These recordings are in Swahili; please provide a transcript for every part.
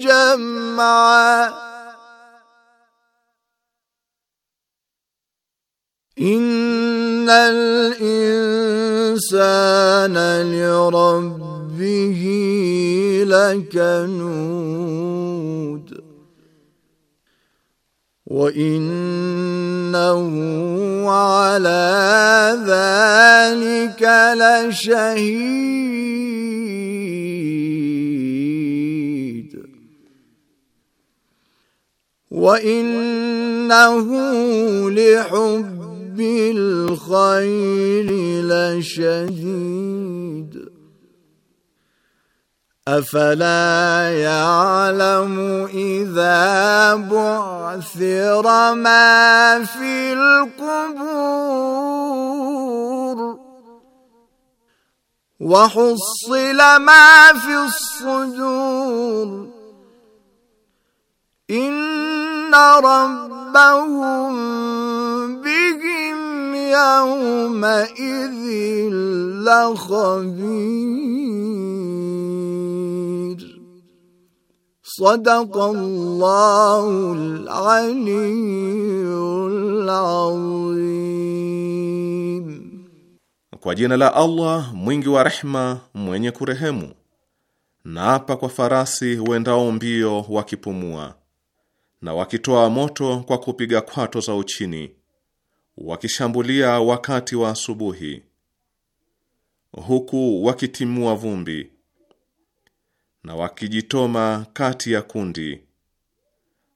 جمعا إن الإنسان لربه لكنود وانه على ذلك لشهيد حميد وإنه لحب الخير لشديد أفلا يعلم إذا بعثر ما في القبور وحصل ما في الصدور إن ربهم بهم يومئذ لخبير صدق الله العلي العظيم Kwa jina la Allah mwingi wa rehma, mwenye kurehemu. Naapa kwa farasi wendao mbio wakipumua, na wakitoa moto kwa kupiga kwato za uchini, wakishambulia wakati wa asubuhi, huku wakitimua vumbi na wakijitoma kati ya kundi.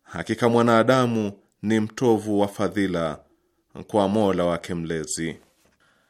Hakika mwanadamu ni mtovu wa fadhila kwa Mola wake Mlezi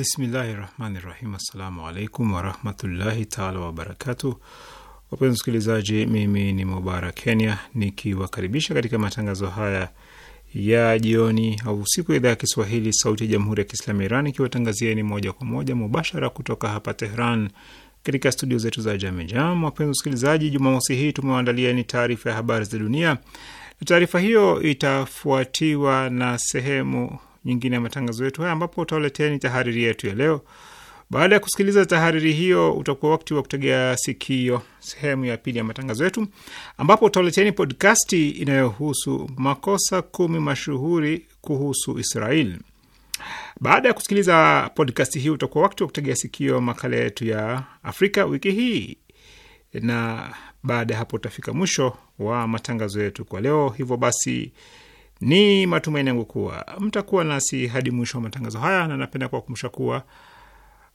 Bismillahi rahmani rahim. Assalamu alaikum warahmatullahi taala wabarakatu Wapenzi msikilizaji, mimi ni Mubarak Kenya nikiwakaribisha katika matangazo haya ya jioni au usiku ya idhaa ya Kiswahili sauti ya jamhuri ya Kiislamu ya Iran ikiwatangazieni moja kwa moja mubashara kutoka hapa Tehran katika studio zetu za Jamejam. Wapenzi msikilizaji, Jumamosi hii ni taarifa ya habari za dunia. Taarifa hiyo itafuatiwa na sehemu nyingine ya matangazo yetu haya ambapo utawaleteni tahariri yetu ya leo. Baada ya kusikiliza tahariri hiyo, utakuwa wakati wa kutegea sikio sehemu ya pili ya matangazo yetu ambapo utawaleteni podkasti inayohusu makosa kumi mashuhuri kuhusu Israel. Baada ya kusikiliza podkasti hii, utakuwa wakati wa kutegea sikio makala yetu ya Afrika wiki hii, na baada ya hapo utafika mwisho wa matangazo yetu kwa leo. Hivyo basi ni matumaini yangu kuwa mtakuwa nasi hadi mwisho wa matangazo haya, na napenda kuwakumbusha kuwa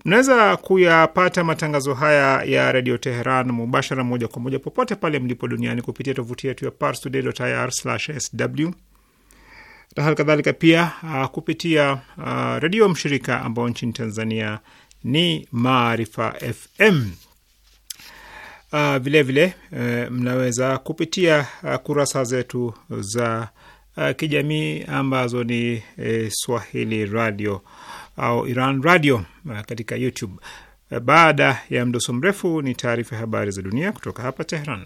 mnaweza kuyapata matangazo haya ya redio Teheran mubashara, moja kwa moja, popote pale mlipo duniani kupitia tovuti yetu ya parstoday.ir/sw na hali kadhalika pia uh, kupitia uh, redio mshirika ambao nchini Tanzania ni Maarifa FM. Vilevile uh, ah, vile, uh, mnaweza kupitia uh, kurasa zetu za uh, kijamii ambazo ni eh, Swahili Radio au Iran Radio uh, katika YouTube. Uh, baada ya mdoso mrefu ni taarifa ya habari za dunia kutoka hapa Tehran.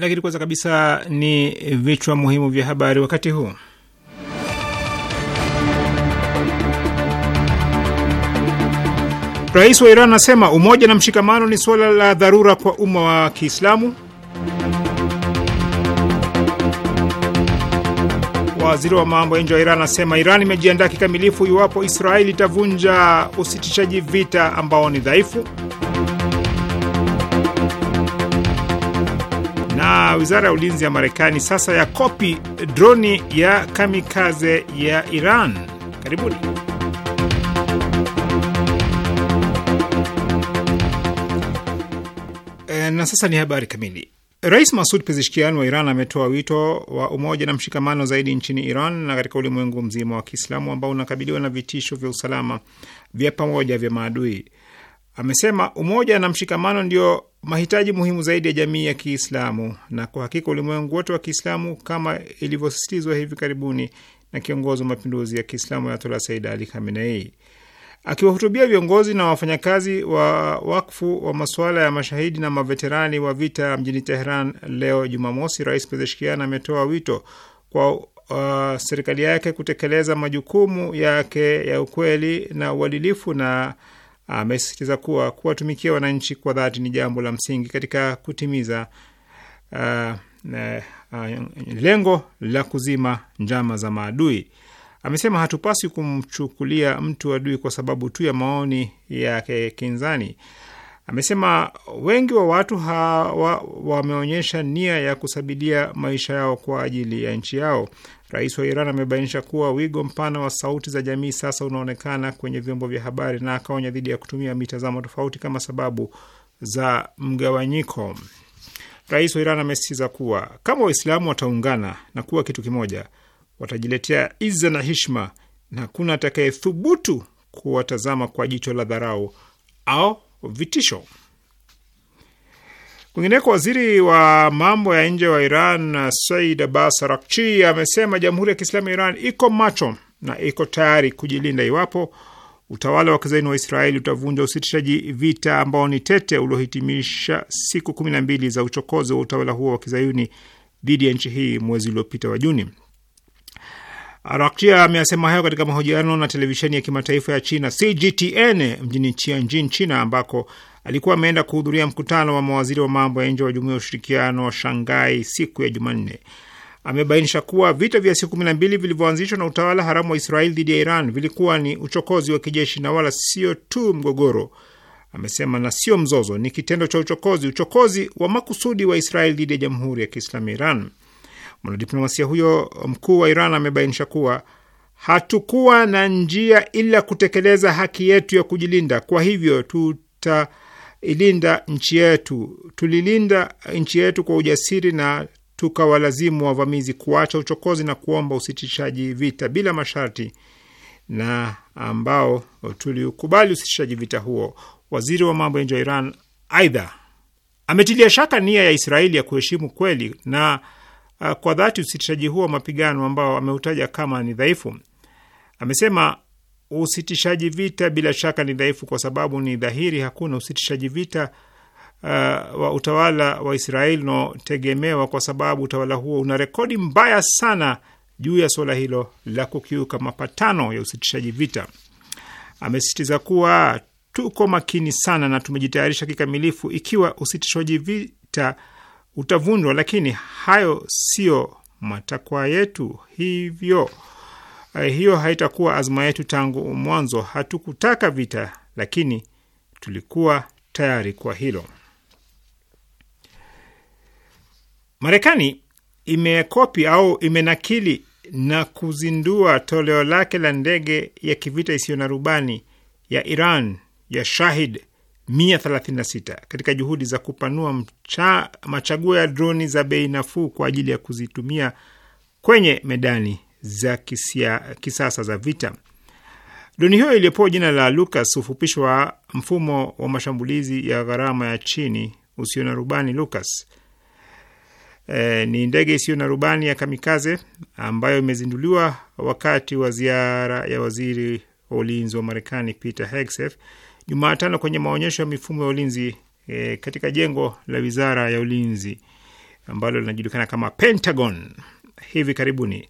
lakini kwanza kabisa ni vichwa muhimu vya habari wakati huu. Rais wa Iran anasema umoja na mshikamano ni suala la dharura kwa umma wa Kiislamu. Waziri wa mambo ya nje wa Iran anasema Iran imejiandaa kikamilifu iwapo Israeli itavunja usitishaji vita ambao ni dhaifu. na wizara ya ulinzi ya Marekani sasa ya kopi droni ya kamikaze ya Iran. Karibuni. E, na sasa ni habari kamili. Rais Masud Pezeshkian wa Iran ametoa wito wa umoja na mshikamano zaidi nchini Iran na katika ulimwengu mzima wa Kiislamu ambao unakabiliwa na vitisho vya usalama vya pamoja vya maadui amesema umoja na mshikamano ndio mahitaji muhimu zaidi ya jamii ya Kiislamu, na kwa hakika ulimwengu wote wa Kiislamu, kama ilivyosisitizwa hivi karibuni na kiongozi wa mapinduzi ya Kiislamu Ayatollah Said Ali Khamenei akiwahutubia viongozi na wafanyakazi wa wakfu wa masuala ya mashahidi na maveterani wa vita mjini Teheran leo Jumamosi, Rais Pezeshkian ametoa wito kwa uh, serikali yake kutekeleza majukumu yake ya ukweli na uadilifu na amesisitiza kuwa kuwatumikia wananchi kwa dhati ni jambo la msingi katika kutimiza uh, uh, lengo la kuzima njama za maadui. Amesema hatupaswi kumchukulia mtu adui kwa sababu tu ya maoni yake kinzani. Amesema wengi wa watu hawa wameonyesha nia ya kusabilia maisha yao kwa ajili ya nchi yao. Rais wa Iran amebainisha kuwa wigo mpana wa sauti za jamii sasa unaonekana kwenye vyombo vya habari na akaonya dhidi ya kutumia mitazamo tofauti kama sababu za mgawanyiko. Rais wa Iran amesisitiza kuwa kama Waislamu wataungana na kuwa kitu kimoja, watajiletea iza na hishma na hakuna atakayethubutu kuwatazama kwa jicho la dharau au vitisho. Kwingineko, waziri wa mambo ya nje wa Iran Said Abbas arakchi amesema jamhuri ya Kiislamu ya Iran iko macho na iko tayari kujilinda iwapo utawala wa kizaini wa Israeli utavunja usitishaji vita ambao ni tete uliohitimisha siku kumi na mbili za uchokozi wa utawala huo wa kizayuni dhidi ya nchi hii mwezi uliopita wa Juni. Rakjia ameyasema hayo katika mahojiano na televisheni ya kimataifa ya China CGTN mjini Tianjin, China, ambako alikuwa ameenda kuhudhuria mkutano wa mawaziri wa mambo ya nje wa Jumuiya ya Ushirikiano wa Shanghai siku ya Jumanne. Amebainisha kuwa vita vya siku kumi na mbili vilivyoanzishwa na utawala haramu wa Israeli dhidi ya Iran vilikuwa ni uchokozi wa kijeshi na wala sio tu mgogoro. Amesema na sio mzozo, ni kitendo cha uchokozi, uchokozi wa makusudi wa Israeli dhidi ya Jamhuri ya Kiislamu ya Iran. Mwanadiplomasia huyo mkuu wa Iran amebainisha kuwa hatukuwa na njia ila kutekeleza haki yetu ya kujilinda, kwa hivyo tutailinda nchi yetu. Tulilinda nchi yetu kwa ujasiri na tukawalazimu wavamizi kuacha uchokozi na kuomba usitishaji vita bila masharti na ambao tuliukubali usitishaji vita huo. Waziri wa mambo ya nje wa Iran aidha ametilia shaka nia ya Israeli ya kuheshimu kweli na Ah, kwa dhati usitishaji huo wa mapigano ambao ameutaja kama ni dhaifu. Amesema usitishaji vita bila shaka ni dhaifu, kwa sababu ni dhahiri hakuna usitishaji vita uh, wa utawala wa Israeli unaotegemewa, kwa sababu utawala huo una rekodi mbaya sana juu ya suala hilo la kukiuka mapatano ya usitishaji vita. Amesisitiza kuwa tuko makini sana na tumejitayarisha kikamilifu ikiwa usitishaji vita utavunjwa, lakini hayo sio matakwa yetu, hivyo eh, hiyo haitakuwa azma yetu tangu mwanzo. Hatukutaka vita, lakini tulikuwa tayari kwa hilo. Marekani imekopi au imenakili na kuzindua toleo lake la ndege ya kivita isiyo na rubani ya Iran ya Shahid 136 katika juhudi za kupanua mcha, machaguo ya droni za bei nafuu kwa ajili ya kuzitumia kwenye medani za kisia, kisasa za vita. Droni hiyo iliyopewa jina la Lucas hufupishwa mfumo wa mashambulizi ya gharama ya chini usio na rubani Lucas. E, ni ndege isiyo na rubani ya kamikaze ambayo imezinduliwa wakati wa ziara ya waziri wa ulinzi wa Marekani Peter Hegseth Jumatano kwenye maonyesho ya mifumo ya ulinzi e, katika jengo la wizara ya ulinzi ambalo linajulikana kama Pentagon. Hivi karibuni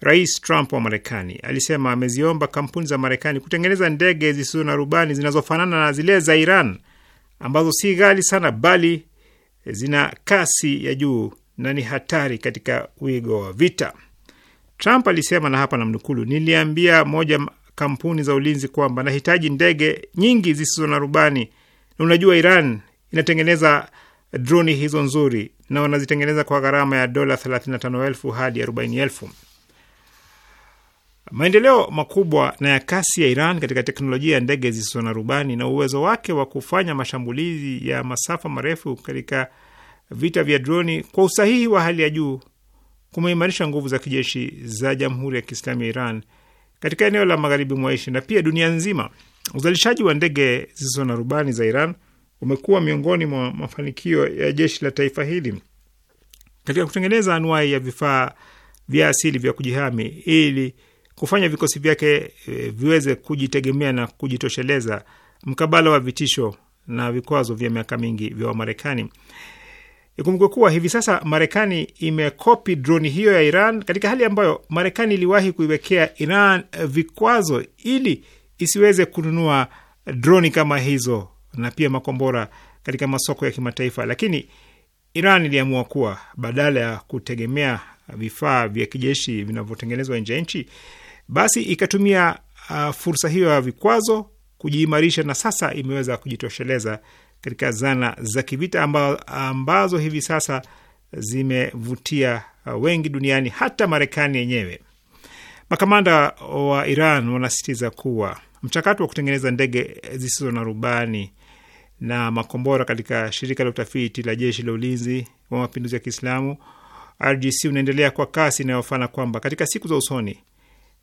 Rais Trump wa Marekani alisema ameziomba kampuni za Marekani kutengeneza ndege zisizo na rubani zinazofanana na zile za Iran ambazo si ghali sana, bali zina kasi ya juu na ni hatari katika wigo wa vita. Trump alisema, na hapa namnukulu, niliambia moja kampuni za ulinzi kwamba nahitaji ndege nyingi zisizo na rubani, na unajua Iran inatengeneza droni hizo nzuri, na wanazitengeneza kwa gharama ya dola 35,000 hadi 40,000. Maendeleo makubwa na ya kasi ya Iran katika teknolojia ya ndege zisizo na rubani na uwezo wake wa kufanya mashambulizi ya masafa marefu katika vita vya droni kwa usahihi wa hali ya juu kumeimarisha nguvu za kijeshi za Jamhuri ya Kiislamu ya Iran katika eneo la magharibi mwa Asia na pia dunia nzima. Uzalishaji wa ndege zisizo na rubani za Iran umekuwa miongoni mwa mafanikio ya jeshi la taifa hili katika kutengeneza anuai ya vifaa vya asili vya kujihami ili kufanya vikosi vyake e, viweze kujitegemea na kujitosheleza mkabala wa vitisho na vikwazo vya miaka mingi vya Wamarekani. Ikumbukwe kuwa hivi sasa Marekani imekopi droni hiyo ya Iran katika hali ambayo Marekani iliwahi kuiwekea Iran vikwazo ili isiweze kununua droni kama hizo na pia makombora katika masoko ya kimataifa, lakini Iran iliamua kuwa badala ya kutegemea vifaa vya kijeshi vinavyotengenezwa nje ya nchi, basi ikatumia uh, fursa hiyo ya vikwazo kujiimarisha, na sasa imeweza kujitosheleza katika zana za kivita ambazo hivi sasa zimevutia uh, wengi duniani, hata Marekani yenyewe. Makamanda wa Iran wanasisitiza kuwa mchakato wa kutengeneza ndege zisizo na rubani na makombora katika shirika la utafiti la jeshi la ulinzi wa mapinduzi ya Kiislamu RGC unaendelea kwa kasi inayofana kwamba katika siku za usoni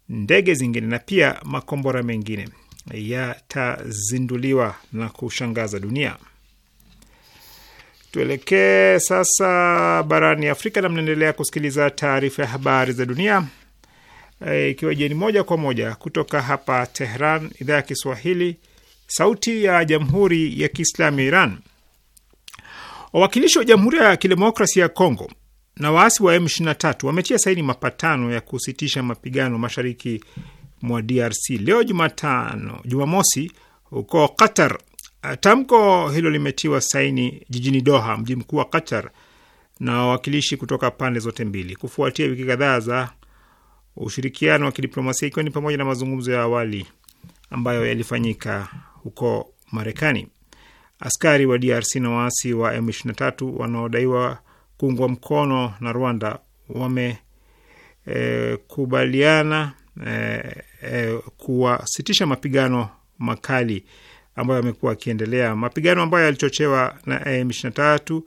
ndege zingine na pia makombora mengine yatazinduliwa na kushangaza dunia. Tuelekee sasa barani Afrika na mnaendelea kusikiliza taarifa ya habari za dunia e, ikiwa e, jeni moja kwa moja kutoka hapa Tehran, idhaa ya Kiswahili, sauti ya jamhuri ya kiislamu ya Iran. Wawakilishi wa jamhuri ya kidemokrasia ya Kongo na waasi wa M23 wametia saini mapatano ya kusitisha mapigano mashariki mwa DRC leo Jumatano, Jumamosi huko Qatar. Eh, tamko hilo limetiwa saini jijini Doha, mji mkuu wa Qatar, na wawakilishi kutoka pande zote mbili kufuatia wiki kadhaa za ushirikiano wa kidiplomasia ikiwa ni pamoja na mazungumzo ya awali ambayo yalifanyika huko Marekani. Askari wa DRC na waasi wa M23 wanaodaiwa kuungwa mkono na Rwanda wamekubaliana eh, eh, eh, kuwasitisha mapigano makali ambayo yamekuwa akiendelea, mapigano ambayo yalichochewa na M23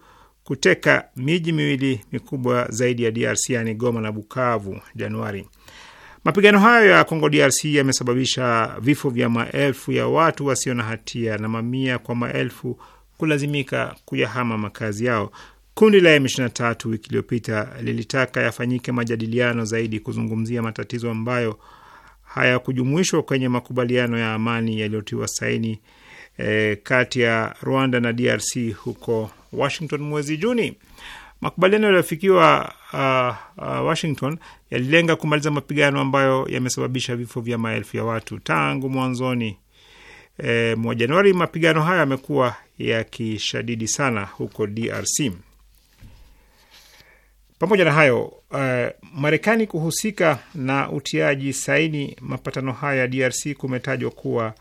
kuteka miji miwili mikubwa zaidi ya DRC yani Goma na Bukavu Januari. Mapigano hayo ya Kongo DRC yamesababisha vifo vya maelfu ya watu wasio na hatia na mamia kwa maelfu kulazimika kuyahama makazi yao. Kundi la M23 wiki iliyopita lilitaka yafanyike majadiliano zaidi kuzungumzia matatizo ambayo hayakujumuishwa kwenye makubaliano ya amani yaliyotiwa saini e, kati ya Rwanda na DRC huko Washington mwezi Juni. Makubaliano yaliyofikiwa uh, uh, Washington yalilenga kumaliza mapigano ambayo yamesababisha vifo vya maelfu ya watu tangu mwanzoni e, mwa Januari. Mapigano hayo yamekuwa yakishadidi sana huko DRC. Pamoja na hayo uh, Marekani kuhusika na utiaji saini mapatano hayo ya DRC kumetajwa kuwa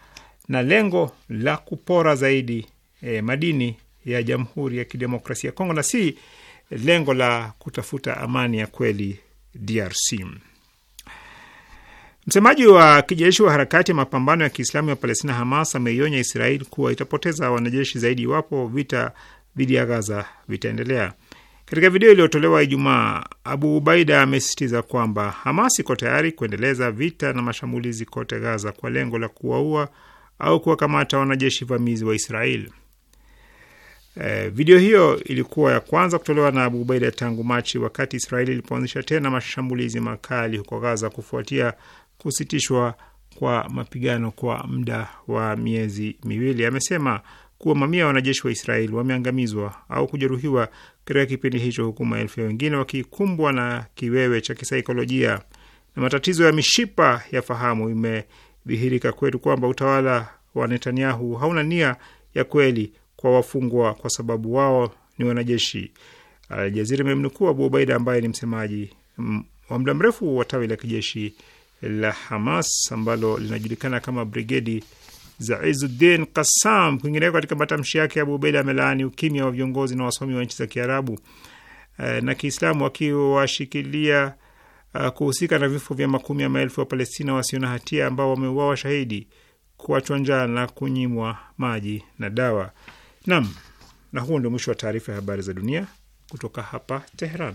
na lengo la kupora zaidi eh, madini ya Jamhuri ya Kidemokrasia ya Kongo na si lengo la kutafuta amani ya kweli DRC. Msemaji wa kijeshi wa harakati ya mapambano ya Kiislamu ya Palestina Hamas ameionya Israeli kuwa itapoteza wanajeshi zaidi iwapo vita dhidi ya Gaza vitaendelea. Katika video iliyotolewa Ijumaa, Abu Ubaida amesisitiza kwamba Hamas iko tayari kuendeleza vita na mashambulizi kote Gaza kwa lengo la kuwaua au kuwakamata wanajeshi vamizi wa Israel. E, video hiyo ilikuwa ya kwanza kutolewa na Abu Ubaida tangu Machi, wakati Israeli ilipoanzisha tena mashambulizi makali huko Gaza kufuatia kusitishwa kwa mapigano kwa muda wa miezi miwili. Amesema kuwa mamia ya wanajeshi wa Israeli wameangamizwa au kujeruhiwa katika kipindi hicho, huku maelfu ya wengine wakikumbwa na kiwewe cha kisaikolojia na matatizo ya mishipa ya fahamu. Imedhihirika kwetu kwamba utawala wa Netanyahu hauna nia ya kweli kwa wafungwa, kwa sababu wao ni wanajeshi. Aljazira imemnukuu Abu Ubaida ambaye ni msemaji wa muda mrefu wa tawi la kijeshi la Hamas ambalo linajulikana kama brigedi za Izuddin Qassam. Kwingineko katika matamshi yake, Abu Ubeida amelaani ukimya wa viongozi na wasomi wa nchi za Kiarabu eh, na Kiislamu wakiwashikilia uh, eh, kuhusika na vifo vya makumi ya maelfu wa Palestina wasio na hatia ambao wameuawa shahidi, kuachwa njaa na kunyimwa maji na dawa. Nam, na huo ndio mwisho wa taarifa ya habari za dunia kutoka hapa Tehran.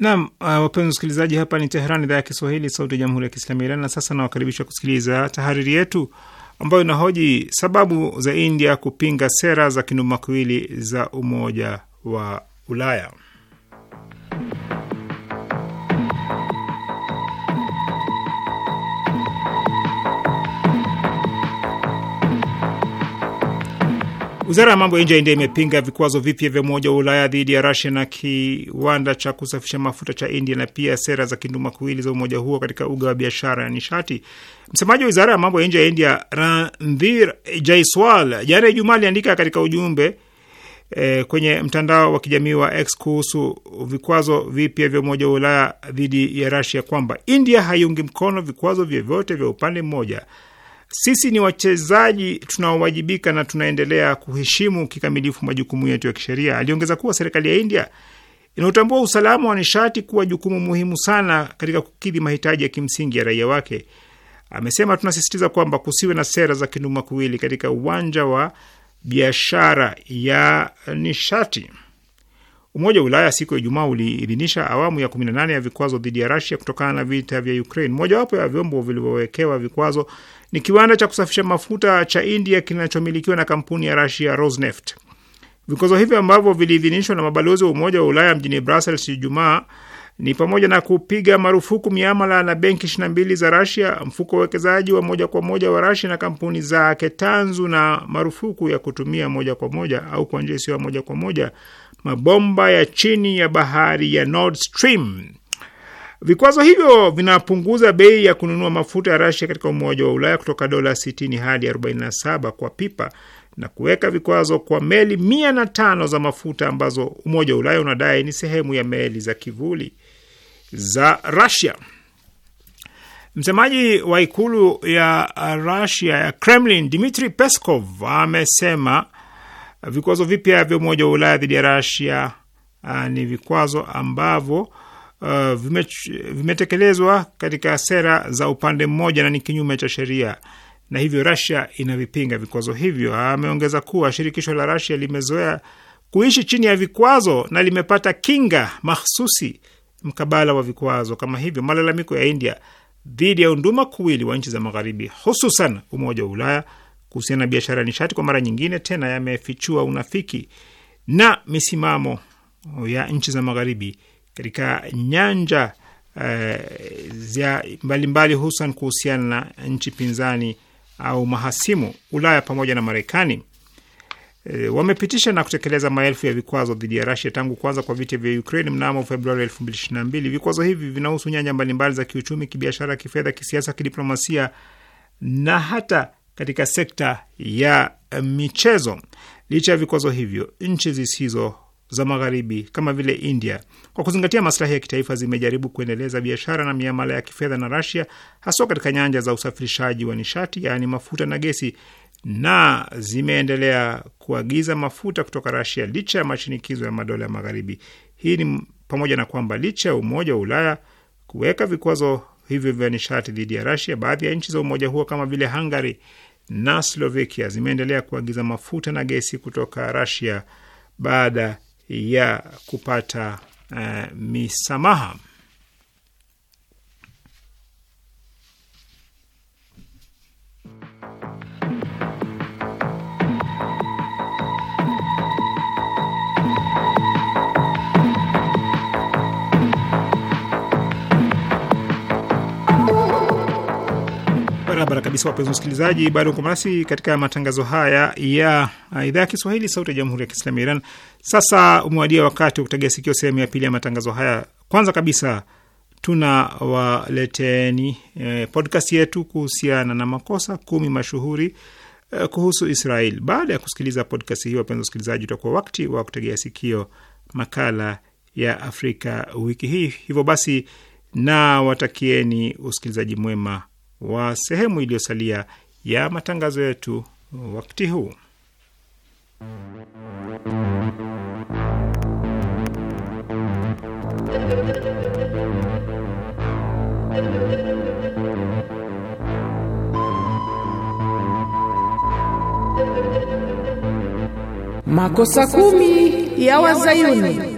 Naam, uh, wapenzi wasikilizaji, hapa ni Teheran, idhaa ya Kiswahili, sauti ya jamhuri ya kiislamu ya Iran. Na sasa nawakaribisha kusikiliza tahariri yetu ambayo inahoji sababu za India kupinga sera za kinumakuwili za Umoja wa Ulaya. Wizara ya mambo ya nje ya India imepinga vikwazo vipya vya Umoja wa Ulaya dhidi ya Rusia na kiwanda cha kusafisha mafuta cha India na pia sera za kindumakuwili za umoja huo katika uga wa biashara ya nishati. Msemaji wa wizara ya mambo ya nje ya India Ranvir Jaiswal jana Ijumaa aliandika katika ujumbe E, kwenye mtandao wa kijamii wa X kuhusu vikwazo vipya vya Umoja wa Ulaya dhidi ya rasia kwamba India haiungi mkono vikwazo vyovyote vya upande mmoja sisi ni wachezaji tunaowajibika na tunaendelea kuheshimu kikamilifu majukumu yetu ya kisheria. Aliongeza kuwa serikali ya India inaotambua usalama wa nishati kuwa jukumu muhimu sana katika kukidhi mahitaji ya kimsingi ya raia wake. Amesema, tunasisitiza kwamba kusiwe na sera za kinduma kuwili katika uwanja wa biashara ya nishati. Umoja wa Ulaya siku ya Ijumaa uliidhinisha awamu ya 18 ya vikwazo dhidi ya Rasia kutokana na vita vya Ukraine. Mojawapo ya vyombo vilivyowekewa vikwazo ni kiwanda cha kusafisha mafuta cha India kinachomilikiwa na kampuni ya russia Rosneft. Vikwazo hivyo ambavyo viliidhinishwa na mabalozi wa Umoja wa Ulaya mjini Brussels Ijumaa ni pamoja na kupiga marufuku miamala na benki 22 za Rasia, mfuko wa wekezaji wa moja kwa moja wa Rasia na kampuni zake tanzu, na marufuku ya kutumia moja kwa moja au kwa njia isiyo moja kwa moja mabomba ya chini ya bahari ya Nord Stream. Vikwazo hivyo vinapunguza bei ya kununua mafuta ya Rasia katika Umoja wa Ulaya kutoka dola 60 hadi 47 kwa pipa na kuweka vikwazo kwa meli mia na tano za mafuta ambazo Umoja wa Ulaya unadai ni sehemu ya meli za kivuli za Rasia. Msemaji wa ikulu ya Rasia ya Kremlin, Dmitri Peskov, amesema vikwazo vipya vya Umoja wa Ulaya dhidi ya Rasia ah, ni vikwazo ambavyo uh, vimetekelezwa katika sera za upande mmoja na ni kinyume cha sheria na hivyo Russia inavipinga vikwazo hivyo. Ameongeza kuwa shirikisho la Russia limezoea kuishi chini ya vikwazo na limepata kinga mahsusi mkabala wa vikwazo kama hivyo. Malalamiko ya India dhidi ya unduma kuwili wa nchi za magharibi, hususan Umoja wa Ulaya kuhusiana na biashara ya nishati, kwa mara nyingine tena yamefichua unafiki na misimamo ya nchi za magharibi katika nyanja eh, za mbalimbali hususan kuhusiana na nchi pinzani au mahasimu Ulaya pamoja na Marekani e, wamepitisha na kutekeleza maelfu ya vikwazo dhidi ya rasia tangu kuanza kwa vita vya Ukraine mnamo Februari 2022. Vikwazo hivi vinahusu nyanja mbalimbali za kiuchumi, kibiashara, kifedha, kisiasa, kidiplomasia na hata katika sekta ya michezo. Licha ya vikwazo hivyo, nchi zisizo za magharibi kama vile India, kwa kuzingatia maslahi ya kitaifa, zimejaribu kuendeleza biashara na miamala ya kifedha na Rasia, haswa katika nyanja za usafirishaji wa nishati, yaani mafuta na gesi, na zimeendelea kuagiza mafuta kutoka Rasia licha ya mashinikizo ya madola ya magharibi. Hii ni pamoja na kwamba licha ya Umoja wa Ulaya kuweka vikwazo hivyo vya nishati dhidi ya Rasia, baadhi ya nchi za umoja huo kama vile Hungary na Slovakia zimeendelea kuagiza mafuta na gesi kutoka Rasia baada ya kupata uh, misamaha. Barabara kabisa, wapenzi wasikilizaji, bado uko nasi katika matangazo haya ya uh, idhaa ya Kiswahili, Sauti ya Jamhuri ya Kiislamu ya Iran. Sasa umewadia wakati wa kutegea sikio sehemu ya pili ya matangazo haya. Kwanza kabisa tuna waleteni eh, podcast yetu kuhusiana na makosa kumi mashuhuri eh, kuhusu Israel. Baada ya kusikiliza podcast hii, wapenzi wasikilizaji, utakuwa wakati wa kutegea sikio makala ya Afrika wiki hii. Hivyo basi, na watakieni usikilizaji mwema wa sehemu iliyosalia ya matangazo yetu wakati huu. Makosa kumi ya Wazayuni.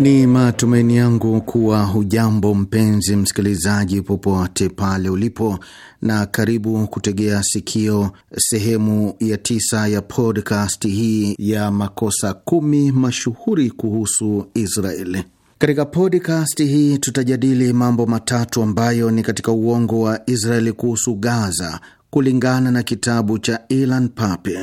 Ni matumaini yangu kuwa hujambo mpenzi msikilizaji, popote pale ulipo, na karibu kutegea sikio sehemu ya tisa ya podcast hii ya makosa kumi mashuhuri kuhusu Israeli. Katika podcast hii tutajadili mambo matatu ambayo ni katika uongo wa Israeli kuhusu Gaza kulingana na kitabu cha Ilan Pappe.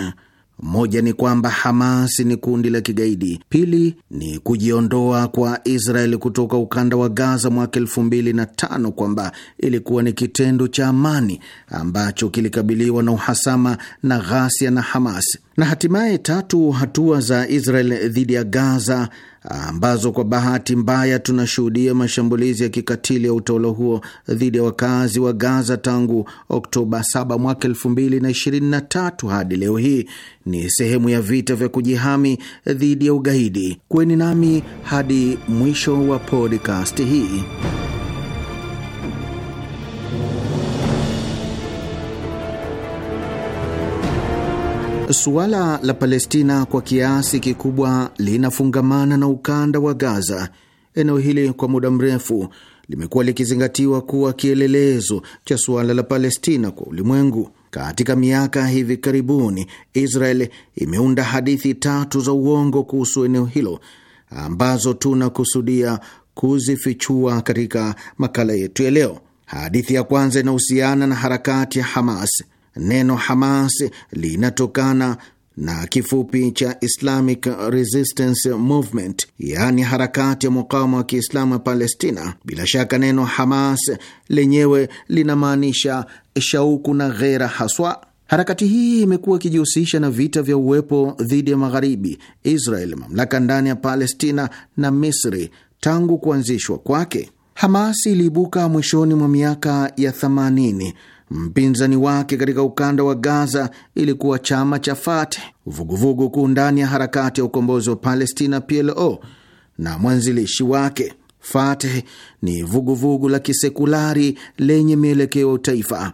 Moja ni kwamba Hamas ni kundi la kigaidi. Pili ni kujiondoa kwa Israel kutoka ukanda wa Gaza mwaka elfu mbili na tano kwamba ilikuwa ni kitendo cha amani ambacho kilikabiliwa na uhasama na ghasia na Hamas. Na hatimaye tatu, hatua za Israel dhidi ya Gaza ambazo kwa bahati mbaya tunashuhudia mashambulizi ya kikatili ya utawala huo dhidi ya wakazi wa Gaza tangu Oktoba 7 mwaka 2023 hadi leo hii ni sehemu ya vita vya kujihami dhidi ya ugaidi. Kuweni nami hadi mwisho wa podcast hii. Suala la Palestina kwa kiasi kikubwa linafungamana na ukanda wa Gaza. Eneo hili kwa muda mrefu limekuwa likizingatiwa kuwa kielelezo cha suala la Palestina kwa ulimwengu. Katika miaka hivi karibuni, Israel imeunda hadithi tatu za uongo kuhusu eneo hilo ambazo tunakusudia kuzifichua katika makala yetu ya leo. Hadithi ya kwanza inahusiana na harakati ya Hamas. Neno Hamas linatokana na kifupi cha Islamic Resistance Movement, yaani harakati ya mukawama wa Kiislamu ya Palestina. Bila shaka neno Hamas lenyewe linamaanisha shauku na ghera haswa. Harakati hii imekuwa ikijihusisha na vita vya uwepo dhidi ya Magharibi, Israel, mamlaka ndani ya Palestina na Misri tangu kuanzishwa kwake. Hamas iliibuka mwishoni mwa miaka ya Mpinzani wake katika ukanda wa Gaza ilikuwa chama cha fate vuguvugu kuu ndani ya harakati ya ukombozi wa Palestina PLO na mwanzilishi wake. fate ni vuguvugu vugu la kisekulari lenye mielekeo taifa,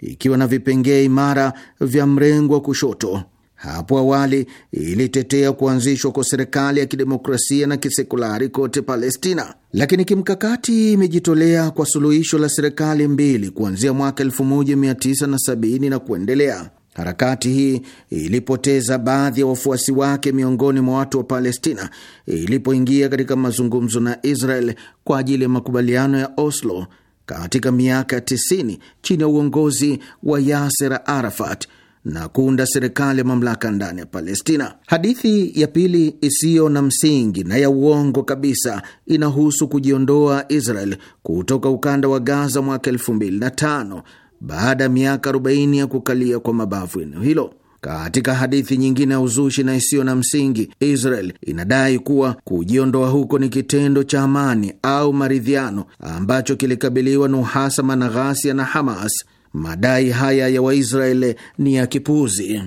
ikiwa na vipengee imara vya mrengo wa kushoto. Hapo awali ilitetea kuanzishwa kwa serikali ya kidemokrasia na kisekulari kote Palestina, lakini kimkakati imejitolea kwa suluhisho la serikali mbili kuanzia mwaka 1970 na kuendelea. Harakati hii ilipoteza baadhi ya wafuasi wake miongoni mwa watu wa Palestina ilipoingia katika mazungumzo na Israel kwa ajili ya makubaliano ya Oslo katika miaka 90 chini ya uongozi wa Yasser Arafat na kuunda serikali ya mamlaka ndani ya Palestina. Hadithi ya pili isiyo na msingi na ya uongo kabisa inahusu kujiondoa Israel kutoka ukanda wa Gaza mwaka 25 baada ya miaka 40 ya kukalia kwa mabavu eneo hilo. Katika hadithi nyingine ya uzushi na isiyo na msingi, Israel inadai kuwa kujiondoa huko ni kitendo cha amani au maridhiano ambacho kilikabiliwa na uhasama na ghasia na Hamas. Madai haya ya Waisraeli ni ya kipuuzi,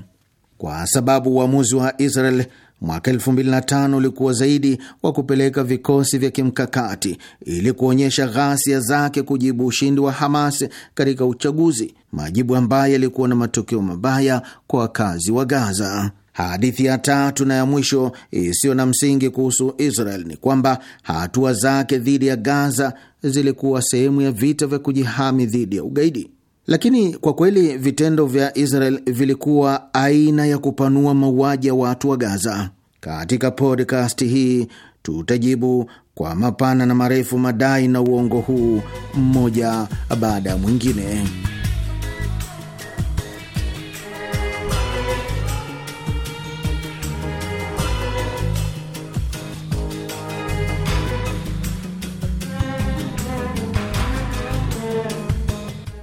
kwa sababu uamuzi wa Israel mwaka 2005 ulikuwa zaidi wa kupeleka vikosi vya kimkakati ili kuonyesha ghasia zake kujibu ushindi wa Hamas katika uchaguzi, majibu ambayo yalikuwa na matokeo mabaya kwa wakazi wa Gaza. Hadithi ya tatu na ya mwisho isiyo na msingi kuhusu Israel ni kwamba hatua zake dhidi ya Gaza zilikuwa sehemu ya vita vya kujihami dhidi ya ugaidi. Lakini kwa kweli vitendo vya Israel vilikuwa aina ya kupanua mauaji ya watu wa Gaza. Katika podcast hii tutajibu kwa mapana na marefu madai na uongo huu mmoja baada ya mwingine.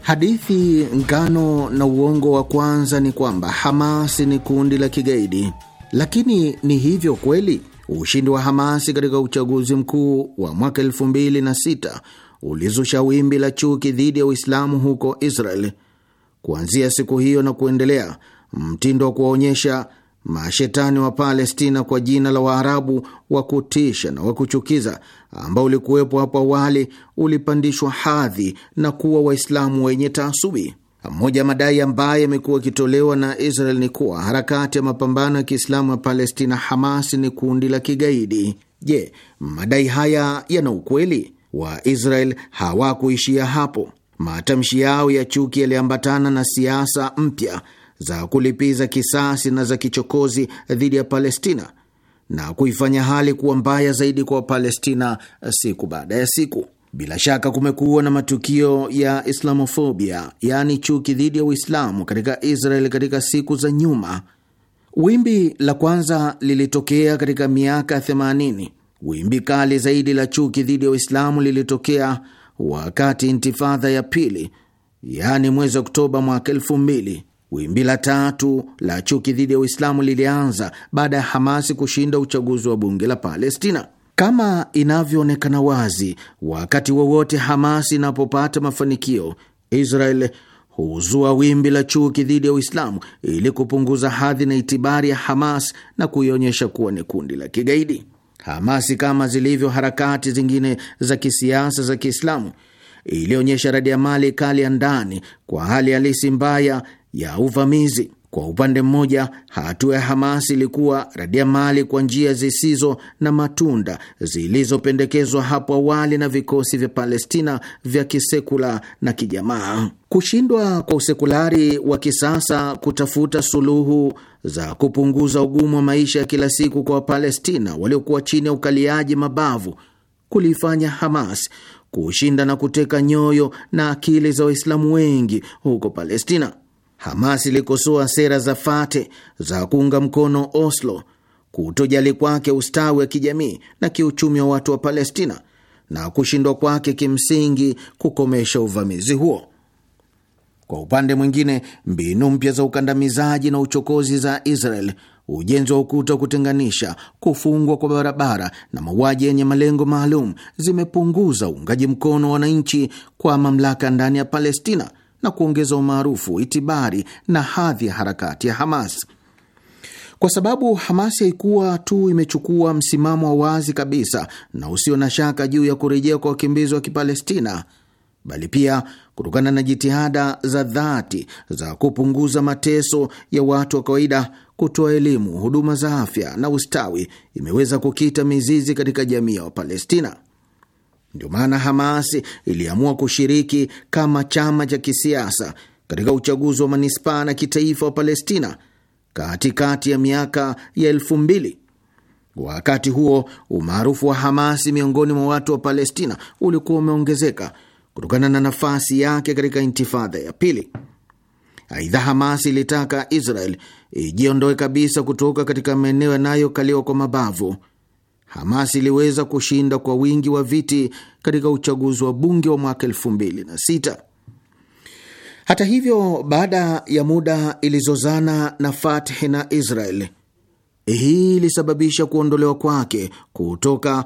Hadithi ngano na uongo wa kwanza ni kwamba Hamasi ni kundi la kigaidi, lakini ni hivyo kweli? Ushindi wa Hamasi katika uchaguzi mkuu wa mwaka elfu mbili na sita ulizusha wimbi la chuki dhidi ya Uislamu huko Israel. Kuanzia siku hiyo na kuendelea, mtindo wa kuwaonyesha mashetani wa Palestina kwa jina la Waarabu wa kutisha na wa kuchukiza ambao ulikuwepo hapo awali ulipandishwa hadhi na kuwa Waislamu wenye taasubi. Mmoja ya madai ambaye yamekuwa akitolewa na Israel ni kuwa harakati ya mapambano ya Kiislamu ya Palestina, Hamas, ni kundi la kigaidi. Je, madai haya yana ukweli? Waisrael hawakuishia hapo. Matamshi yao ya chuki yaliambatana na siasa mpya za kulipiza kisasi na za kichokozi dhidi ya Palestina na kuifanya hali kuwa mbaya zaidi kwa Wapalestina siku baada ya siku. Bila shaka kumekuwa na matukio ya Islamofobia, yaani chuki dhidi ya Uislamu katika Israel katika siku za nyuma. Wimbi la kwanza lilitokea katika miaka 80. Wimbi kali zaidi la chuki dhidi ya Uislamu lilitokea wakati intifadha ya pili, yaani mwezi Oktoba mwaka elfu mbili Wimbi la tatu la chuki dhidi ya Uislamu lilianza baada ya Hamasi kushinda uchaguzi wa bunge la Palestina. Kama inavyoonekana wazi, wakati wowote Hamasi inapopata mafanikio, Israel huzua wimbi la chuki dhidi ya Uislamu ili kupunguza hadhi na itibari ya Hamas na kuionyesha kuwa ni kundi la kigaidi. Hamasi, kama zilivyo harakati zingine za kisiasa za Kiislamu, ilionyesha radiamali kali ya ndani kwa hali halisi mbaya ya uvamizi. Kwa upande mmoja, hatua ya Hamas ilikuwa radia mali kwa njia zisizo na matunda zilizopendekezwa hapo awali na vikosi vya Palestina vya kisekula na kijamaa. Kushindwa kwa usekulari wa kisasa kutafuta suluhu za kupunguza ugumu wa maisha ya kila siku kwa Wapalestina waliokuwa chini ya ukaliaji mabavu kulifanya Hamas kushinda na kuteka nyoyo na akili za Waislamu wengi huko Palestina. Hamas ilikosoa sera za fate za kuunga mkono Oslo, kutojali kwake ustawi wa kijamii na kiuchumi wa watu wa Palestina na kushindwa kwake kimsingi kukomesha uvamizi huo. Kwa upande mwingine, mbinu mpya za ukandamizaji na uchokozi za Israel, ujenzi wa ukuta wa kutenganisha, kufungwa kwa barabara na mauaji yenye malengo maalum zimepunguza uungaji mkono wa wananchi kwa mamlaka ndani ya Palestina na kuongeza umaarufu, itibari na hadhi ya harakati ya Hamas, kwa sababu Hamas haikuwa tu imechukua msimamo wa wazi kabisa na usio na shaka juu ya kurejea kwa wakimbizi wa Kipalestina, bali pia kutokana na jitihada za dhati za kupunguza mateso ya watu wa kawaida, kutoa elimu, huduma za afya na ustawi, imeweza kukita mizizi katika jamii ya Wapalestina. Ndio maana Hamas iliamua kushiriki kama chama cha kisiasa katika uchaguzi wa manispaa na kitaifa wa Palestina katikati kati ya miaka ya elfu mbili. Wakati huo umaarufu wa Hamasi miongoni mwa watu wa Palestina ulikuwa umeongezeka kutokana na nafasi yake katika intifadha ya pili. Aidha, Hamas ilitaka Israel ijiondoe kabisa kutoka katika maeneo yanayokaliwa kwa mabavu. Hamas iliweza kushinda kwa wingi wa viti katika uchaguzi wa bunge wa mwaka 2006. Hata hivyo, baada ya muda ilizozana na Fatah na Israel. Hii ilisababisha kuondolewa kwake kutoka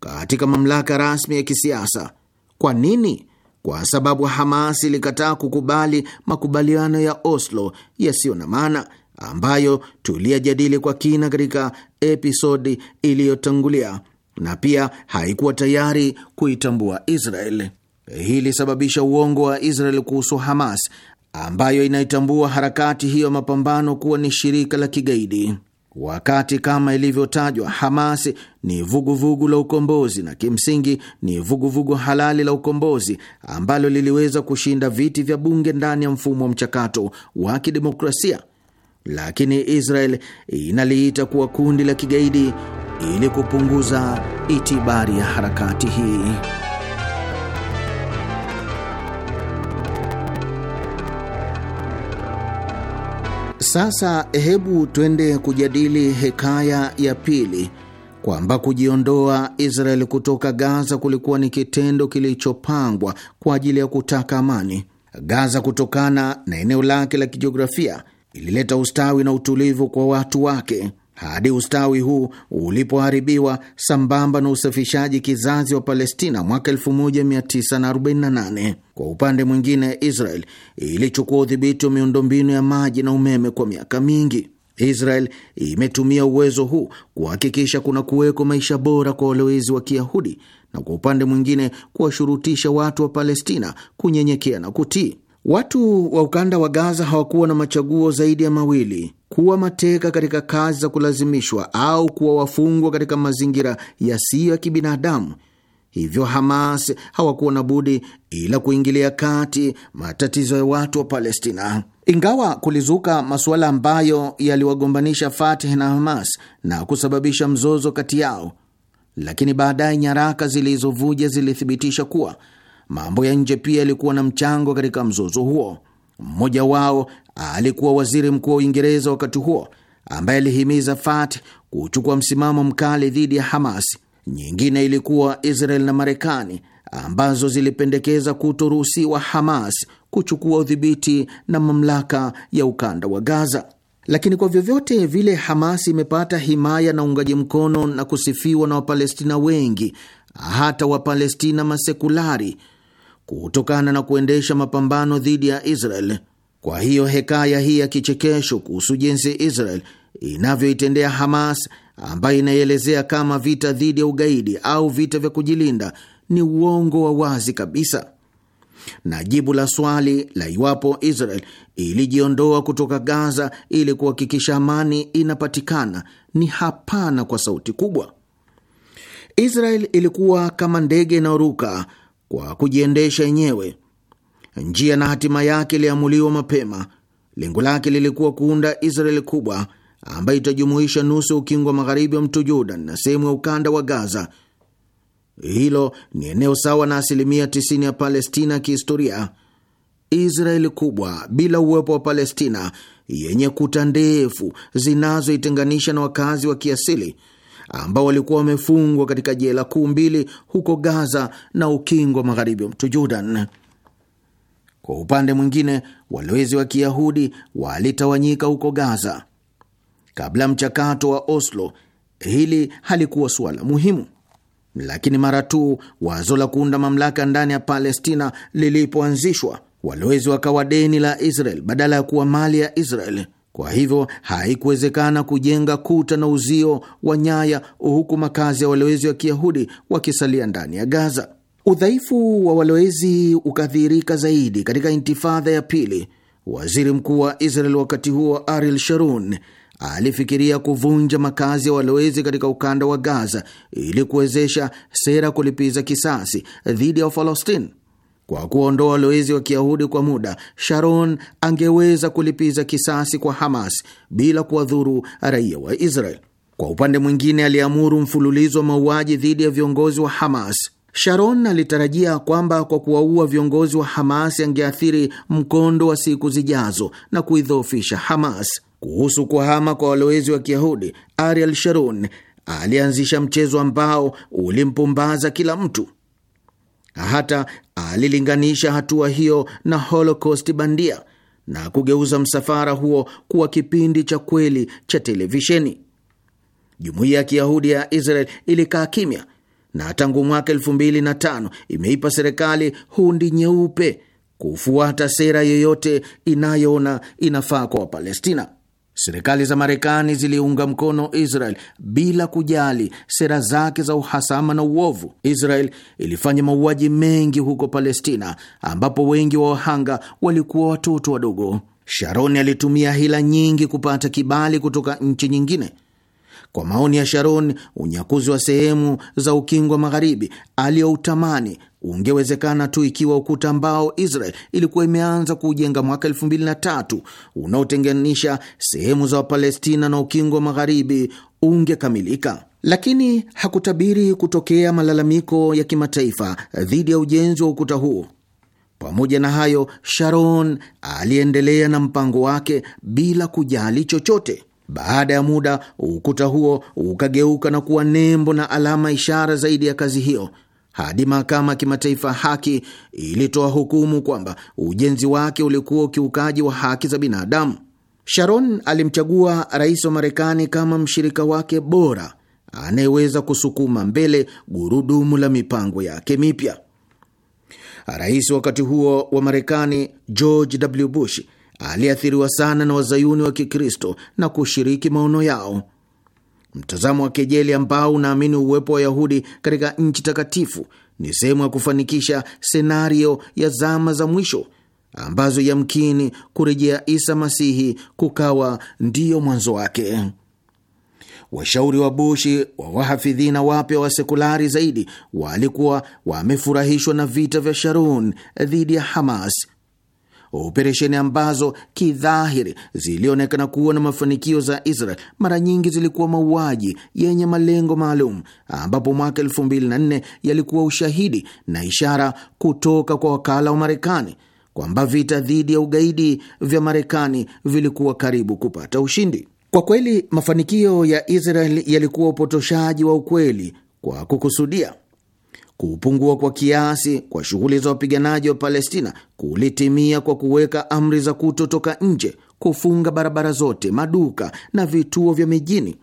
katika mamlaka rasmi ya kisiasa. Kwa nini? Kwa sababu Hamas ilikataa kukubali makubaliano ya Oslo yasiyo na maana ambayo tuliyajadili kwa kina katika episodi iliyotangulia, na pia haikuwa tayari kuitambua Israel. Hii ilisababisha uongo wa Israel kuhusu Hamas ambayo inaitambua harakati hiyo mapambano kuwa ni shirika la kigaidi, wakati kama ilivyotajwa, Hamas ni vuguvugu vugu la ukombozi na kimsingi ni vuguvugu vugu halali la ukombozi ambalo liliweza kushinda viti vya bunge ndani ya mfumo wa mchakato wa kidemokrasia lakini Israel inaliita kuwa kundi la kigaidi ili kupunguza itibari ya harakati hii. Sasa hebu twende kujadili hekaya ya pili kwamba kujiondoa Israel kutoka Gaza kulikuwa ni kitendo kilichopangwa kwa ajili ya kutaka amani. Gaza, kutokana na eneo lake la kijiografia, ilileta ustawi na utulivu kwa watu wake hadi ustawi huu ulipoharibiwa sambamba na usafishaji kizazi wa Palestina mwaka 1948. Kwa upande mwingine, Israel ilichukua udhibiti wa miundombinu ya maji na umeme kwa miaka mingi. Israel imetumia uwezo huu kuhakikisha kuna kuwekwa maisha bora kwa walowezi wa Kiyahudi na kwa upande mwingine kuwashurutisha watu wa Palestina kunyenyekea na kutii. Watu wa ukanda wa Gaza hawakuwa na machaguo zaidi ya mawili: kuwa mateka katika kazi za kulazimishwa au kuwa wafungwa katika mazingira yasiyo ya kibinadamu. Hivyo Hamas hawakuwa na budi ila kuingilia kati matatizo ya watu wa Palestina. Ingawa kulizuka masuala ambayo yaliwagombanisha Fatah na Hamas na kusababisha mzozo kati yao, lakini baadaye nyaraka zilizovuja zilithibitisha kuwa Mambo ya nje pia yalikuwa na mchango katika mzozo huo. Mmoja wao alikuwa waziri mkuu wa Uingereza wakati huo, ambaye alihimiza Fatah kuchukua msimamo mkali dhidi ya Hamas. Nyingine ilikuwa Israel na Marekani ambazo zilipendekeza kutoruhusiwa Hamas kuchukua udhibiti na mamlaka ya ukanda wa Gaza. Lakini kwa vyovyote vile, Hamas imepata himaya na uungaji mkono na kusifiwa na Wapalestina wengi, hata Wapalestina masekulari kutokana na kuendesha mapambano dhidi ya Israel. Kwa hiyo hekaya hii ya kichekesho kuhusu jinsi Israel inavyoitendea Hamas, ambayo inaielezea kama vita dhidi ya ugaidi au vita vya kujilinda, ni uongo wa wazi kabisa, na jibu la swali la iwapo Israel ilijiondoa kutoka Gaza ili kuhakikisha amani inapatikana ni hapana, kwa sauti kubwa. Israel ilikuwa kama ndege inayoruka kwa kujiendesha yenyewe. Njia na hatima yake iliamuliwa mapema. Lengo lake lilikuwa kuunda Israeli kubwa ambayo itajumuisha nusu ya ukingo wa magharibi wa mto Jordan na sehemu ya ukanda wa Gaza. Hilo ni eneo sawa na asilimia 90 ya Palestina ya kihistoria. Israeli kubwa bila uwepo wa Palestina yenye kuta ndefu zinazoitenganisha na wakazi wa kiasili ambao walikuwa wamefungwa katika jela kuu mbili huko Gaza na ukingo magharibi wa mto Jordan. Kwa upande mwingine, walowezi wa Kiyahudi walitawanyika huko Gaza. Kabla mchakato wa Oslo, hili halikuwa suala muhimu, lakini mara tu wazo la kuunda mamlaka ndani ya Palestina lilipoanzishwa, walowezi wakawa deni la Israel badala ya kuwa mali ya Israel. Kwa hivyo haikuwezekana kujenga kuta na uzio wa nyaya, huku makazi ya walowezi wa Kiyahudi wakisalia ndani ya Gaza. Udhaifu wa walowezi ukadhihirika zaidi katika intifadha ya pili. Waziri mkuu wa Israel wakati huo Ariel Sharon alifikiria kuvunja makazi ya walowezi katika ukanda wa Gaza ili kuwezesha sera kulipiza kisasi dhidi ya Wafalastini. Kwa kuondoa walowezi wa Kiyahudi kwa muda, Sharon angeweza kulipiza kisasi kwa Hamas bila kuwadhuru raia wa Israel. Kwa upande mwingine, aliamuru mfululizo wa mauaji dhidi ya viongozi wa Hamas. Sharon alitarajia kwamba kwa kuwaua viongozi wa Hamas angeathiri mkondo wa siku zijazo na kuidhoofisha Hamas. Kuhusu kuhama kwa walowezi wa Kiyahudi, Ariel Sharon alianzisha mchezo ambao ulimpumbaza kila mtu na hata alilinganisha hatua hiyo na Holocaust bandia na kugeuza msafara huo kuwa kipindi cha kweli cha televisheni. Jumuiya ya Kiyahudi ya Israel ilikaa kimya na tangu mwaka elfu mbili na tano imeipa serikali hundi nyeupe kufuata sera yoyote inayoona inafaa kwa Wapalestina. Serikali za Marekani ziliunga mkono Israel bila kujali sera zake za uhasama na uovu. Israel ilifanya mauaji mengi huko Palestina, ambapo wengi wa wahanga walikuwa watoto wadogo. Sharoni alitumia hila nyingi kupata kibali kutoka nchi nyingine. Kwa maoni ya Sharon, unyakuzi wa sehemu za ukingo magharibi aliyoutamani ungewezekana tu ikiwa ukuta ambao Israel ilikuwa imeanza kuujenga mwaka elfu mbili na tatu unaotenganisha sehemu za Wapalestina na ukingo wa magharibi ungekamilika. Lakini hakutabiri kutokea malalamiko ya kimataifa dhidi ya ujenzi wa ukuta huo. Pamoja na hayo, Sharon aliendelea na mpango wake bila kujali chochote. Baada ya muda, ukuta huo ukageuka na kuwa nembo na alama ishara zaidi ya kazi hiyo hadi mahakama ya kimataifa haki ilitoa hukumu kwamba ujenzi wake ulikuwa ukiukaji wa haki za binadamu. Sharon alimchagua rais wa Marekani kama mshirika wake bora anayeweza kusukuma mbele gurudumu la mipango yake mipya. Rais wakati huo wa Marekani George W. Bush aliathiriwa sana na wazayuni wa Kikristo na kushiriki maono yao. Mtazamo wa kejeli ambao unaamini uwepo wa Wayahudi katika nchi takatifu ni sehemu ya kufanikisha senario ya zama za mwisho ambazo yamkini kurejea Isa Masihi kukawa ndiyo mwanzo wake. Washauri wa Bushi wa wahafidhina wapya wa sekulari zaidi walikuwa wamefurahishwa na vita vya Sharon dhidi ya Hamas Operesheni ambazo kidhahiri zilionekana kuwa na mafanikio za Israel mara nyingi zilikuwa mauaji yenye malengo maalum, ambapo mwaka 2004 yalikuwa ushahidi na ishara kutoka kwa wakala wa Marekani kwamba vita dhidi ya ugaidi vya Marekani vilikuwa karibu kupata ushindi. Kwa kweli, mafanikio ya Israel yalikuwa upotoshaji wa ukweli kwa kukusudia. Kupungua kwa kiasi kwa shughuli za wapiganaji wa Palestina kulitimia kwa kuweka amri za kutotoka nje, kufunga barabara zote, maduka na vituo vya mijini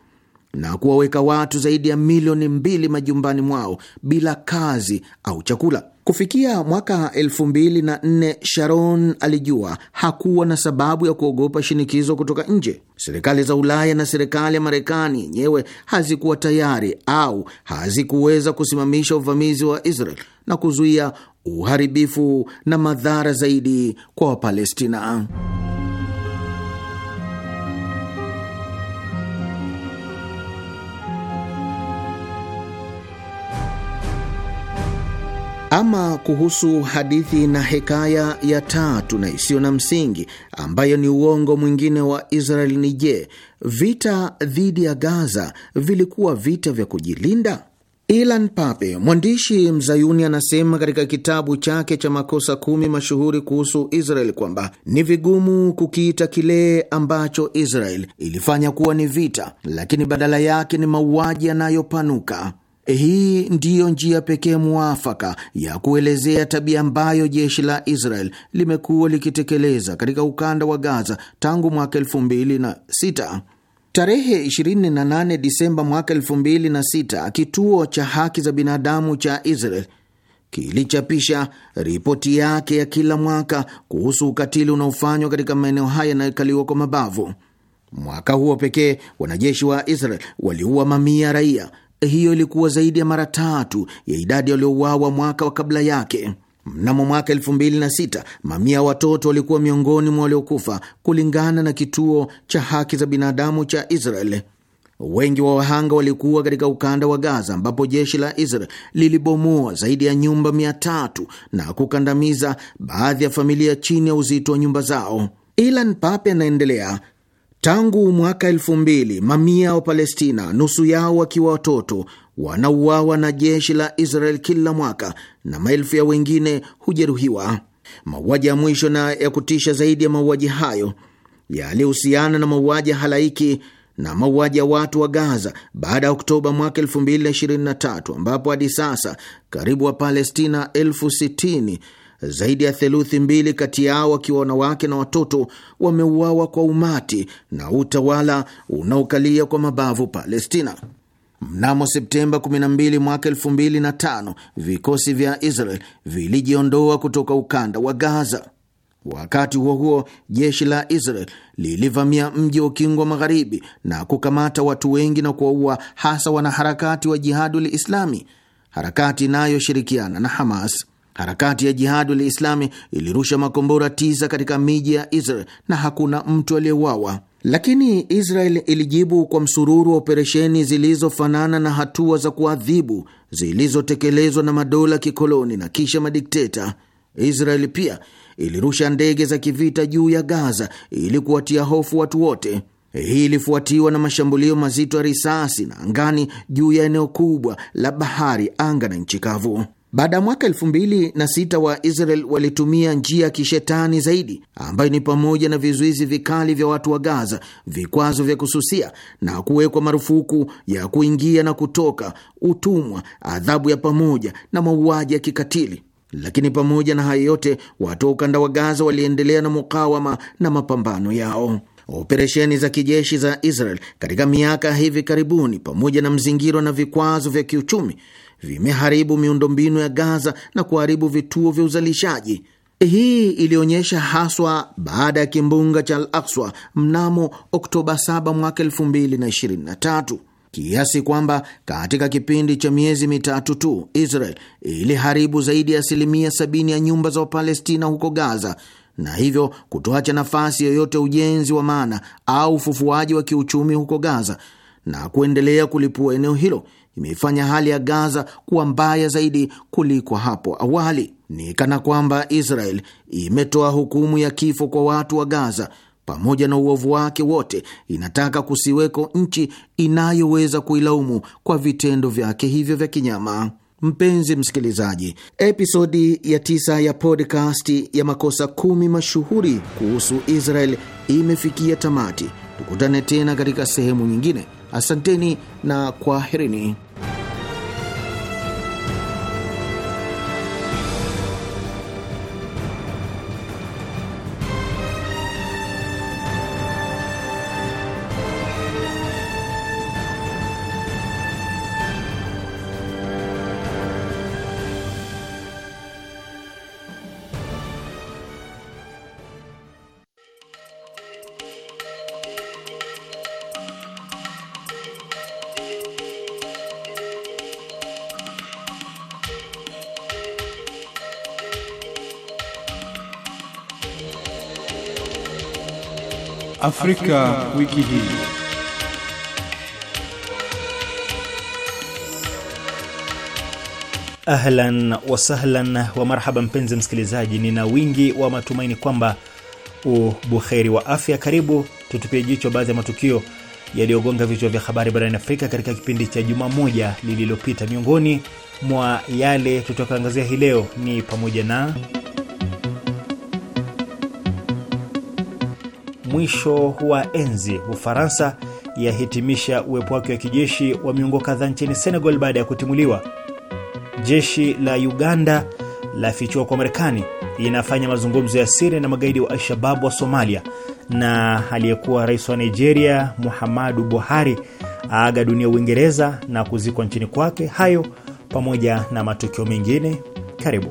na kuwaweka watu zaidi ya milioni mbili majumbani mwao bila kazi au chakula. Kufikia mwaka elfu mbili na nne Sharon alijua hakuwa na sababu ya kuogopa shinikizo kutoka nje. Serikali za Ulaya na serikali ya Marekani yenyewe hazikuwa tayari au hazikuweza kusimamisha uvamizi wa Israel na kuzuia uharibifu na madhara zaidi kwa Wapalestina. Ama kuhusu hadithi na hekaya ya tatu na isiyo na msingi ambayo ni uongo mwingine wa Israel ni je, vita dhidi ya Gaza vilikuwa vita vya kujilinda? Ilan Pape, mwandishi mzayuni, anasema katika kitabu chake cha makosa kumi mashuhuri kuhusu Israel kwamba ni vigumu kukiita kile ambacho Israel ilifanya kuwa ni vita, lakini badala yake ni mauaji yanayopanuka. Eh, hii ndiyo njia pekee mwafaka ya kuelezea tabia ambayo jeshi la Israel limekuwa likitekeleza katika ukanda wa Gaza tangu mwaka elfu mbili na sita. Tarehe 28 Disemba mwaka sita, kituo cha haki za binadamu cha Israel kilichapisha ripoti yake ya kila mwaka kuhusu ukatili unaofanywa katika maeneo haya yanayokaliwa kwa mabavu. Mwaka huo pekee wanajeshi wa Israel waliua mamia raia hiyo ilikuwa zaidi ya mara tatu ya idadi waliouawa mwaka wa kabla yake. Mnamo mwaka 2006 mamia ya watoto walikuwa miongoni mwa waliokufa kulingana na kituo cha haki za binadamu cha Israel. Wengi wa wahanga walikuwa katika ukanda wa Gaza ambapo jeshi la Israel lilibomoa zaidi ya nyumba mia tatu na kukandamiza baadhi ya familia chini ya uzito wa nyumba zao. Ilan Pape anaendelea Tangu mwaka elfu mbili mamia wa Palestina, nusu yao wakiwa watoto, wanauawa na jeshi la Israel kila mwaka na maelfu ya wengine hujeruhiwa. Mauaji ya mwisho na ya kutisha zaidi ya mauaji hayo yalihusiana na mauaji ya halaiki na mauaji ya watu wa Gaza baada ya Oktoba mwaka 2023 ambapo hadi sasa karibu Palestina elfu sitini zaidi ya theluthi mbili kati yao wakiwa wanawake na watoto wameuawa kwa umati na utawala unaokalia kwa mabavu Palestina. Mnamo Septemba 12 mwaka 2005 vikosi vya Israel vilijiondoa kutoka ukanda wa Gaza. Wakati huo huo, jeshi la Israel lilivamia mji wa Ukingo wa Magharibi na kukamata watu wengi na kuwaua, hasa wanaharakati wa Jihadul Islami, harakati inayoshirikiana na Hamas. Harakati ya Jihadi Islami ilirusha makombora tisa katika miji ya Israel na hakuna mtu aliyeuawa, lakini Israel ilijibu kwa msururu wa operesheni zilizofanana na hatua za kuadhibu zilizotekelezwa na madola kikoloni na kisha madikteta. Israel pia ilirusha ndege za kivita juu ya Gaza ili kuwatia hofu watu wote. Hii ilifuatiwa na mashambulio mazito ya risasi na angani juu ya eneo kubwa la bahari, anga na nchi kavu. Baada ya mwaka elfu mbili na sita wa Israel walitumia njia ya kishetani zaidi, ambayo ni pamoja na vizuizi vikali vya watu wa Gaza, vikwazo vya kususia na kuwekwa marufuku ya kuingia na kutoka, utumwa, adhabu ya pamoja na mauaji ya kikatili. Lakini pamoja na hayo yote, watu wa ukanda wa Gaza waliendelea na mukawama na mapambano yao. Operesheni za kijeshi za Israel katika miaka hivi karibuni, pamoja na mzingiro na vikwazo vya kiuchumi vimeharibu miundombinu ya Gaza na kuharibu vituo vya uzalishaji. Hii ilionyesha haswa baada ya kimbunga cha Al Akswa mnamo Oktoba 7 mwaka 2023 kiasi kwamba katika kipindi cha miezi mitatu tu Israel iliharibu zaidi ya asilimia 70 ya nyumba za Wapalestina huko Gaza na hivyo kutoacha nafasi yoyote ujenzi wa maana au ufufuaji wa kiuchumi huko Gaza na kuendelea kulipua eneo hilo imeifanya hali ya Gaza kuwa mbaya zaidi kuliko hapo awali. Ni kana kwamba Israel imetoa hukumu ya kifo kwa watu wa Gaza. Pamoja na uovu wake wote, inataka kusiweko nchi inayoweza kuilaumu kwa vitendo vyake hivyo vya kinyama. Mpenzi msikilizaji, episodi ya tisa ya podkasti ya makosa kumi mashuhuri kuhusu Israel imefikia tamati. Tukutane tena katika sehemu nyingine. Asanteni na kwaherini. Afrika, wiki hii. Ahlan wa sahlan wa marhaba, mpenzi msikilizaji, nina wingi wa matumaini kwamba ubuheri wa afya. Karibu tutupie jicho baadhi ya matukio yaliyogonga vichwa vya habari barani Afrika katika kipindi cha juma moja lililopita. Miongoni mwa yale tutakaangazia hii leo ni pamoja na mwisho wa enzi Ufaransa yahitimisha uwepo wake wa kijeshi wa miongo kadhaa nchini Senegal baada ya kutimuliwa. Jeshi la Uganda lafichua kwa Marekani inafanya mazungumzo ya siri na magaidi wa al shababu wa Somalia, na aliyekuwa rais wa Nigeria Muhammadu Buhari aaga dunia Uingereza na kuzikwa nchini kwake. Hayo pamoja na matukio mengine, karibu.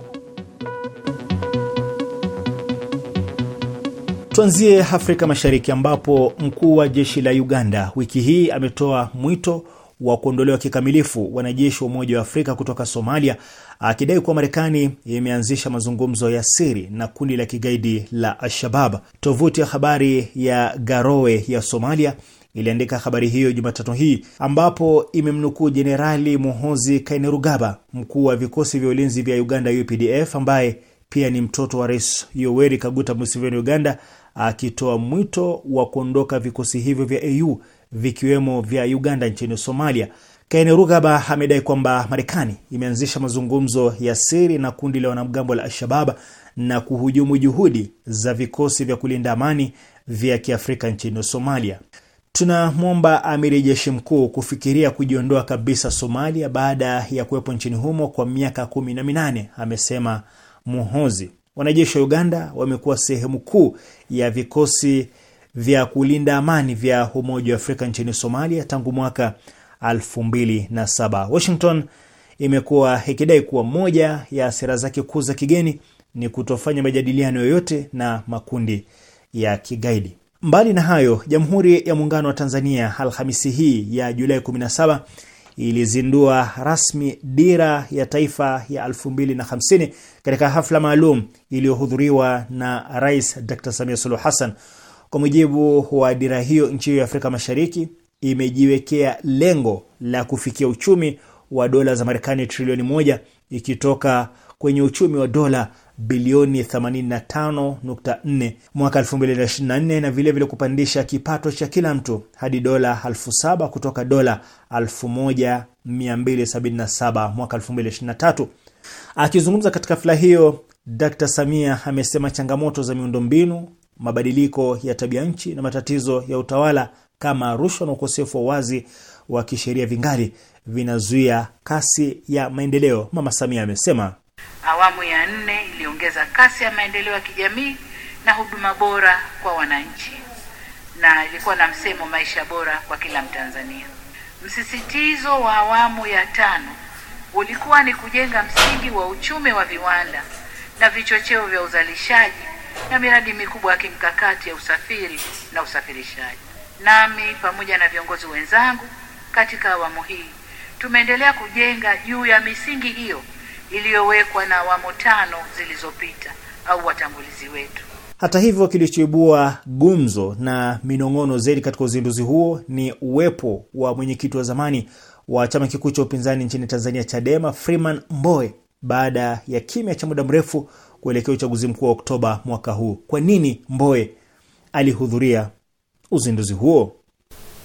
Tuanzie Afrika Mashariki ambapo mkuu wa jeshi la Uganda wiki hii ametoa mwito wa kuondolewa kikamilifu wanajeshi wa Umoja wa Afrika kutoka Somalia, akidai kuwa Marekani imeanzisha mazungumzo ya siri na kundi la kigaidi la Al-Shabab. Tovuti ya habari ya Garowe ya Somalia iliandika habari hiyo Jumatatu hii ambapo imemnukuu Jenerali Muhozi Kainerugaba, mkuu wa vikosi vya ulinzi vya Uganda UPDF, ambaye pia ni mtoto wa Rais Yoweri Kaguta Museveni Uganda akitoa mwito wa kuondoka vikosi hivyo vya AU vikiwemo vya Uganda nchini Somalia. Kaine Rugaba amedai kwamba Marekani imeanzisha mazungumzo ya siri na kundi la wanamgambo la Al-Shabab na kuhujumu juhudi za vikosi vya kulinda amani vya Kiafrika nchini Somalia. Tunamwomba amiri jeshi mkuu kufikiria kujiondoa kabisa Somalia baada ya kuwepo nchini humo kwa miaka kumi na minane, amesema Muhozi. Wanajeshi wa Uganda wamekuwa sehemu kuu ya vikosi vya kulinda amani vya Umoja wa Afrika nchini Somalia tangu mwaka 2007. Washington imekuwa ikidai kuwa moja ya sera zake kuu za kigeni ni kutofanya majadiliano yoyote na makundi ya kigaidi. Mbali na hayo, Jamhuri ya Muungano wa Tanzania Alhamisi hii ya Julai 17 ilizindua rasmi dira ya taifa ya 2050 katika hafla maalum iliyohudhuriwa na Rais Dr. Samia Suluhu Hassan. Kwa mujibu wa dira hiyo, nchi hiyo ya Afrika Mashariki imejiwekea lengo la kufikia uchumi wa dola za Marekani trilioni moja ikitoka kwenye uchumi wa dola bilioni 85.4 mwaka 2024 na vilevile kupandisha kipato cha kila mtu hadi dola 7000 kutoka dola 1277 mwaka 2023. Akizungumza katika hafla hiyo, Dr. Samia amesema changamoto za miundombinu, mabadiliko ya tabia nchi na matatizo ya utawala kama rushwa na ukosefu wa wazi wa kisheria vingali vinazuia kasi ya maendeleo. Mama Samia amesema Awamu ya nne iliongeza kasi ya maendeleo ya kijamii na huduma bora kwa wananchi, na ilikuwa na msemo maisha bora kwa kila Mtanzania. Msisitizo wa awamu ya tano ulikuwa ni kujenga msingi wa uchumi wa viwanda na vichocheo vya uzalishaji na miradi mikubwa ya kimkakati ya usafiri na usafirishaji. Nami pamoja na viongozi wenzangu katika awamu hii tumeendelea kujenga juu ya misingi hiyo iliyowekwa na awamu tano zilizopita au watangulizi wetu. Hata hivyo, kilichoibua gumzo na minong'ono zaidi katika uzinduzi huo ni uwepo wa mwenyekiti wa zamani wa chama kikuu cha upinzani nchini Tanzania, Chadema, Freeman Mbowe, baada ya kimya cha muda mrefu kuelekea uchaguzi mkuu wa Oktoba mwaka huu. Kwa nini Mbowe alihudhuria uzinduzi huo?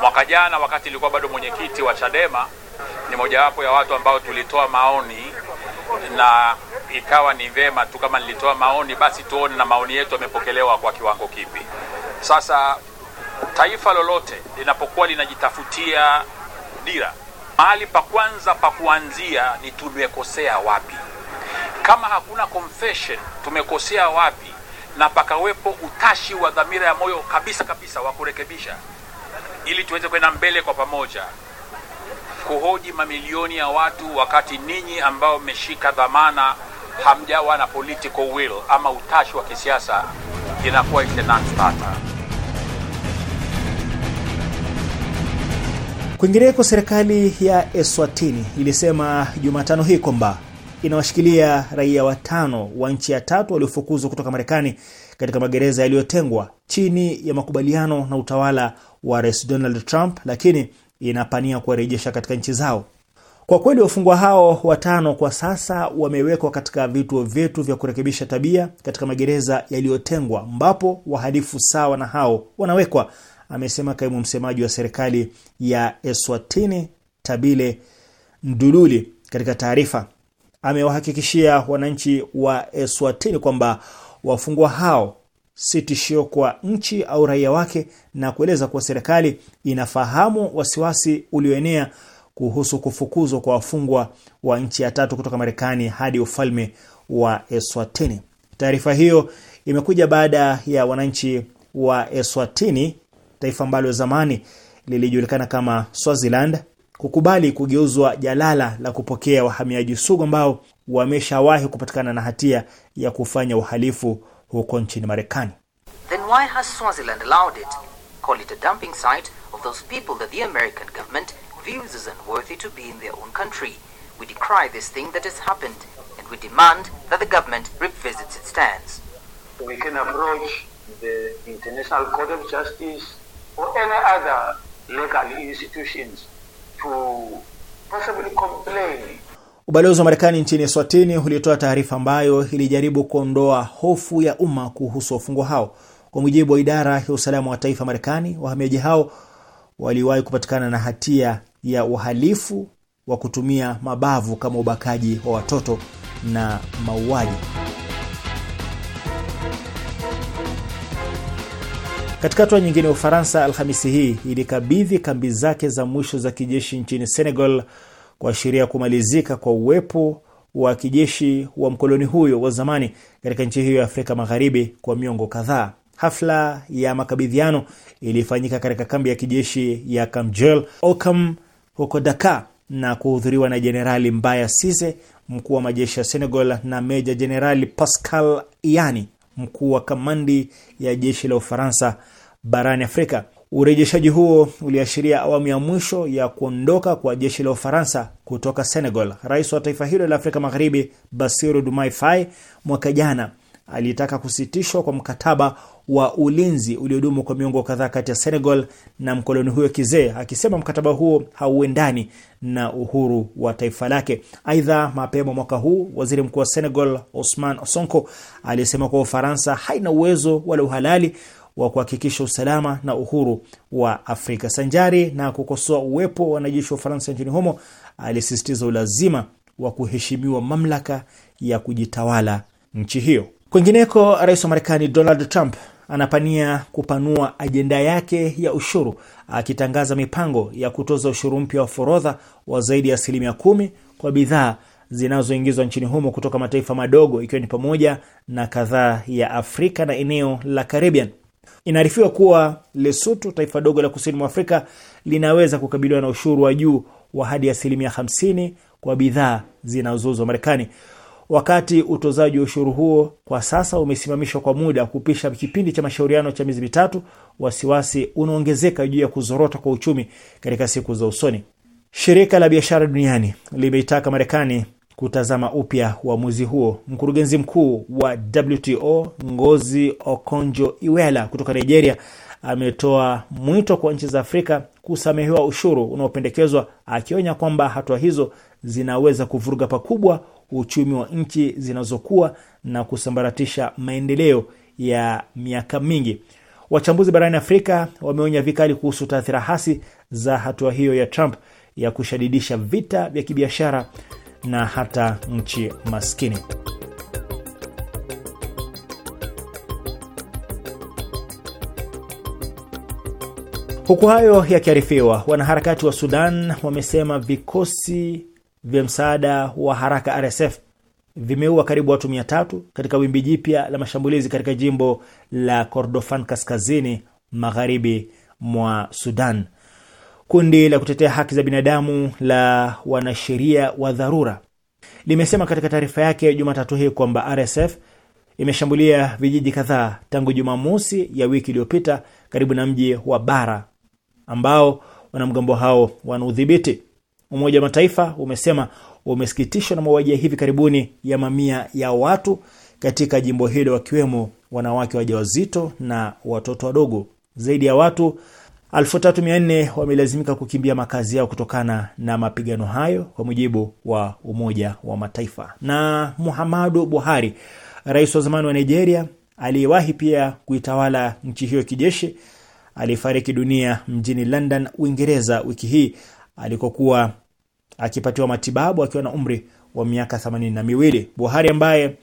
Mwaka jana wakati ilikuwa bado mwenyekiti wa Chadema, ni mojawapo ya watu ambao tulitoa maoni na ikawa ni vema tu kama nilitoa maoni, basi tuone na maoni yetu yamepokelewa kwa kiwango kipi. Sasa taifa lolote linapokuwa linajitafutia dira, mahali pa kwanza pa kuanzia ni tumekosea wapi. Kama hakuna confession tumekosea wapi, na pakawepo utashi wa dhamira ya moyo kabisa kabisa wa kurekebisha, ili tuweze kwenda mbele kwa pamoja kuhoji mamilioni ya watu, wakati ninyi ambao mmeshika dhamana hamjawa na political will ama utashi wa kisiasa, inakuwa it's a Kwingineko, serikali ya Eswatini ilisema Jumatano hii kwamba inawashikilia raia watano wa nchi ya tatu waliofukuzwa kutoka Marekani katika magereza yaliyotengwa chini ya makubaliano na utawala wa Rais Donald Trump, lakini inapania kuwarejesha katika nchi zao. Kwa kweli wafungwa hao watano kwa sasa wamewekwa katika vituo vyetu vya kurekebisha tabia katika magereza yaliyotengwa, ambapo wahalifu sawa na hao wanawekwa, amesema kaimu msemaji wa serikali ya Eswatini Tabile ndululi katika taarifa. Amewahakikishia wananchi wa Eswatini kwamba wafungwa hao si tishio kwa nchi au raia wake, na kueleza kuwa serikali inafahamu wasiwasi ulioenea kuhusu kufukuzwa kwa wafungwa wa nchi ya tatu kutoka Marekani hadi ufalme wa Eswatini. Taarifa hiyo imekuja baada ya wananchi wa Eswatini, taifa ambalo zamani lilijulikana kama Swaziland, kukubali kugeuzwa jalala la kupokea wahamiaji sugu ambao wameshawahi kupatikana na hatia ya kufanya uhalifu huko nchini Marekani. Then why has Swaziland allowed it? Call it a dumping site of those people that the American government views as unworthy to be in their own country. We decry this thing that has happened and we demand that the government revisits its stance. We can approach the International Court of Justice or any other legal institutions to possibly complain Ubalozi wa Marekani nchini Eswatini ulitoa taarifa ambayo ilijaribu kuondoa hofu ya umma kuhusu wafungwa hao. Kwa mujibu wa idara ya usalama wa taifa Marekani, wahamiaji hao waliwahi kupatikana na hatia ya uhalifu wa kutumia mabavu kama ubakaji wa watoto na mauaji. Katika hatua nyingine, Ufaransa Alhamisi hii ilikabidhi kambi zake za mwisho za kijeshi nchini Senegal kuashiria kumalizika kwa uwepo wa kijeshi wa mkoloni huyo wa zamani katika nchi hiyo ya Afrika Magharibi kwa miongo kadhaa. Hafla ya makabidhiano ilifanyika katika kambi ya kijeshi ya Kamjel Okam huko Dakar na kuhudhuriwa na Jenerali Mbaya Sise, mkuu wa majeshi ya Senegal, na Meja Jenerali Pascal Iani, mkuu wa kamandi ya jeshi la Ufaransa barani Afrika. Urejeshaji huo uliashiria awamu ya mwisho ya kuondoka kwa jeshi la Ufaransa kutoka Senegal. Rais wa taifa hilo la Afrika Magharibi, Bassirou Diomaye Faye, mwaka jana alitaka kusitishwa kwa mkataba wa ulinzi uliodumu kwa miongo kadhaa kati ya Senegal na mkoloni huyo kizee, akisema mkataba huo hauendani na uhuru wa taifa lake. Aidha, mapema mwaka huu waziri mkuu wa Senegal Ousmane Sonko alisema kuwa Ufaransa haina uwezo wala uhalali wa kuhakikisha usalama na uhuru wa Afrika. Sanjari na kukosoa uwepo wa wanajeshi wa Ufaransa nchini humo, alisisitiza ulazima wa kuheshimiwa mamlaka ya kujitawala nchi hiyo. Kwingineko, rais wa Marekani Donald Trump anapania kupanua ajenda yake ya ushuru akitangaza mipango ya kutoza ushuru mpya wa forodha wa zaidi ya asilimia kumi kwa bidhaa zinazoingizwa nchini humo kutoka mataifa madogo ikiwa ni pamoja na kadhaa ya Afrika na eneo la Caribbean. Inaarifiwa kuwa Lesotho, taifa dogo la kusini mwa Afrika, linaweza kukabiliwa na ushuru wa juu wa hadi asilimia 50 kwa bidhaa zinazouzwa Marekani. Wakati utozaji wa ushuru huo kwa sasa umesimamishwa kwa muda kupisha kipindi cha mashauriano cha miezi mitatu, wasiwasi unaongezeka juu ya kuzorota kwa uchumi katika siku za usoni. Shirika la biashara duniani limeitaka Marekani kutazama upya uamuzi huo. Mkurugenzi mkuu wa WTO Ngozi Okonjo Iweala kutoka Nigeria ametoa mwito kwa nchi za Afrika kusamehewa ushuru unaopendekezwa, akionya kwamba hatua hizo zinaweza kuvuruga pakubwa uchumi wa nchi zinazokuwa na kusambaratisha maendeleo ya miaka mingi. Wachambuzi barani Afrika wameonya vikali kuhusu taathira hasi za hatua hiyo ya Trump ya kushadidisha vita vya kibiashara na hata nchi maskini. Huku hayo yakiarifiwa, wanaharakati wa Sudan wamesema vikosi vya msaada wa haraka RSF vimeua karibu watu mia tatu katika wimbi jipya la mashambulizi katika jimbo la Kordofan kaskazini magharibi mwa Sudan. Kundi la kutetea haki za binadamu la wanasheria wa dharura limesema katika taarifa yake Jumatatu hii kwamba RSF imeshambulia vijiji kadhaa tangu Jumamosi ya wiki iliyopita karibu na mji wa Bara ambao wanamgambo hao wanaudhibiti. Umoja wa Mataifa umesema umesikitishwa na mauaji ya hivi karibuni ya mamia ya watu katika jimbo hilo, wakiwemo wanawake wajawazito na watoto wadogo. Zaidi ya watu elfu tatu mia nne wamelazimika kukimbia makazi yao kutokana na mapigano hayo, kwa mujibu wa Umoja wa Mataifa. Na Muhammadu Buhari, rais wa zamani wa Nigeria aliyewahi pia kuitawala nchi hiyo kijeshi, aliyefariki dunia mjini London, Uingereza wiki hii alikokuwa akipatiwa matibabu akiwa na umri wa miaka themanini na miwili. Buhari ambaye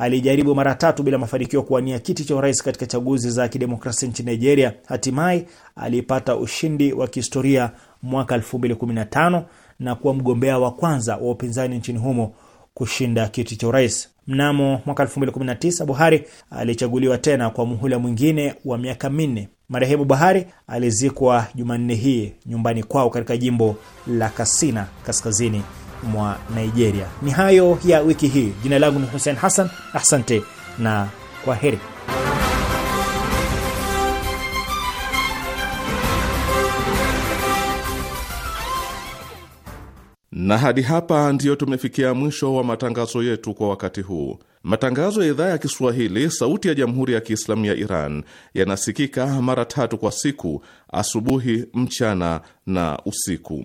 alijaribu mara tatu bila mafanikio kuwania kiti cha urais katika chaguzi za kidemokrasia nchini Nigeria. Hatimaye alipata ushindi wa kihistoria mwaka 2015 na kuwa mgombea wa kwanza wa upinzani nchini humo kushinda kiti cha urais. Mnamo mwaka 2019 Buhari alichaguliwa tena kwa muhula mwingine wa miaka minne. Marehemu Buhari alizikwa Jumanne hii nyumbani kwao katika jimbo la Katsina, kaskazini mwa Nigeria. Ni hayo ya wiki hii. Jina langu ni Hussein Hassan, asante na kwa heri. Na hadi hapa ndiyo tumefikia mwisho wa matangazo yetu kwa wakati huu. Matangazo ya idhaa ya Kiswahili sauti ya Jamhuri ya Kiislamu ya Iran yanasikika mara tatu kwa siku: asubuhi, mchana na usiku.